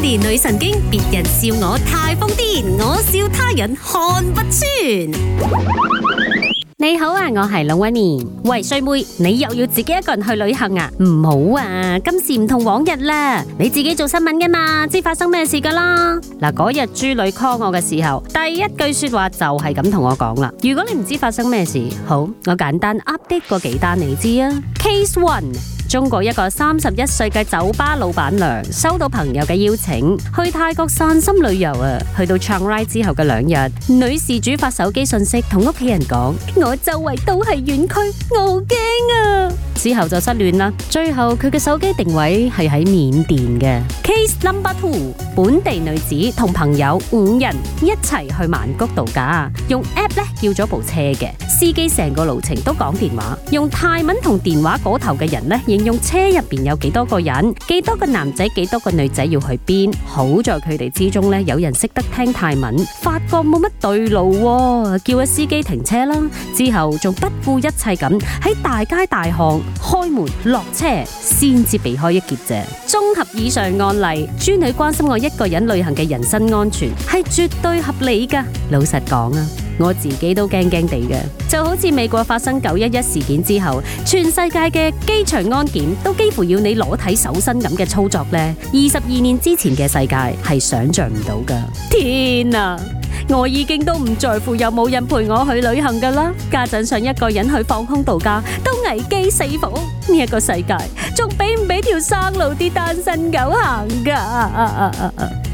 年女神經，別人笑我太瘋癲，我笑他人看不穿。你好啊，我係龍威尼。喂，衰妹，你又要自己一個人去旅行啊？唔好啊，今時唔同往日啦。你自己做新聞噶嘛，知發生咩事噶啦？嗱，嗰日豬女 call 我嘅時候，第一句說話就係咁同我講啦。如果你唔知發生咩事，好，我簡單 update 個幾單你知啊。Case one。中國一個三十一歲嘅酒吧老闆娘，收到朋友嘅邀請，去泰國散心旅遊啊！去到唱 h i a n 之後嘅兩日，女事主發手機信息同屋企人講：我周圍都係遠區，我好驚啊！之後就失聯啦。最後佢嘅手機定位係喺緬甸嘅。Case number two，本地女子同朋友五人一齊去曼谷度假，用 app 呢叫咗部車嘅，司機成個路程都講電話，用泰文同電話嗰頭嘅人呢，形容車入邊有幾多個人，幾多個男仔，幾多個女仔要去邊。好在佢哋之中呢，有人識得聽泰文，發覺冇乜對路，叫咗司機停車啦。之後仲不顧一切咁喺大街大巷。開門落車先至避開一劫啫。綜合以上案例，專女關心我一個人旅行嘅人身安全係絕對合理噶。老實講啊，我自己都驚驚地嘅，就好似美國發生九一一事件之後，全世界嘅機場安檢都幾乎要你裸體搜身咁嘅操作呢。二十二年之前嘅世界係想象唔到噶。天啊！我已經都唔在乎有冇人陪我去旅行噶啦。家陣想一個人去放空度假，都危機四伏。呢個世界，仲俾唔俾條生路啲單身狗行噶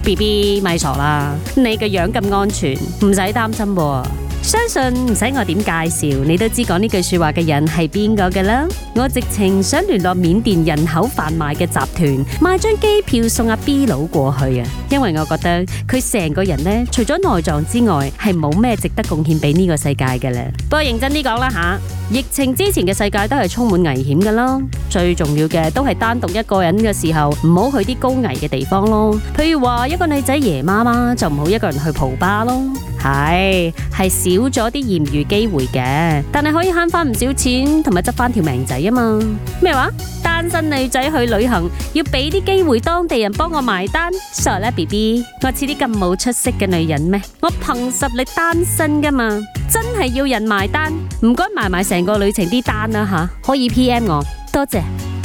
？B B 咪傻啦，你嘅樣咁安全，唔使擔心我。相信唔使我點介紹，你都知講呢句說話嘅人係邊個嘅啦。我直情想聯絡緬甸人口販賣嘅集團，買張機票送阿 B 佬過去啊！因為我覺得佢成個人呢，除咗內臟之外，係冇咩值得貢獻俾呢個世界嘅啦。不過認真啲講啦吓，疫情之前嘅世界都係充滿危險噶啦。最重要嘅都係單獨一個人嘅時候，唔好去啲高危嘅地方咯。譬如話一個女仔夜麻麻就唔好一個人去蒲吧咯。係係少咗啲豔遇機會嘅，但係可以慳翻唔少錢，同埋執翻條命仔啊嘛！咩話？單身女仔去旅行要俾啲機會當地人幫我埋單？傻啦，BB，我似啲咁冇出息嘅女人咩？我憑實力單身噶嘛，真係要人埋單，唔該埋埋成個旅程啲單啦吓，可以 PM 我，多謝。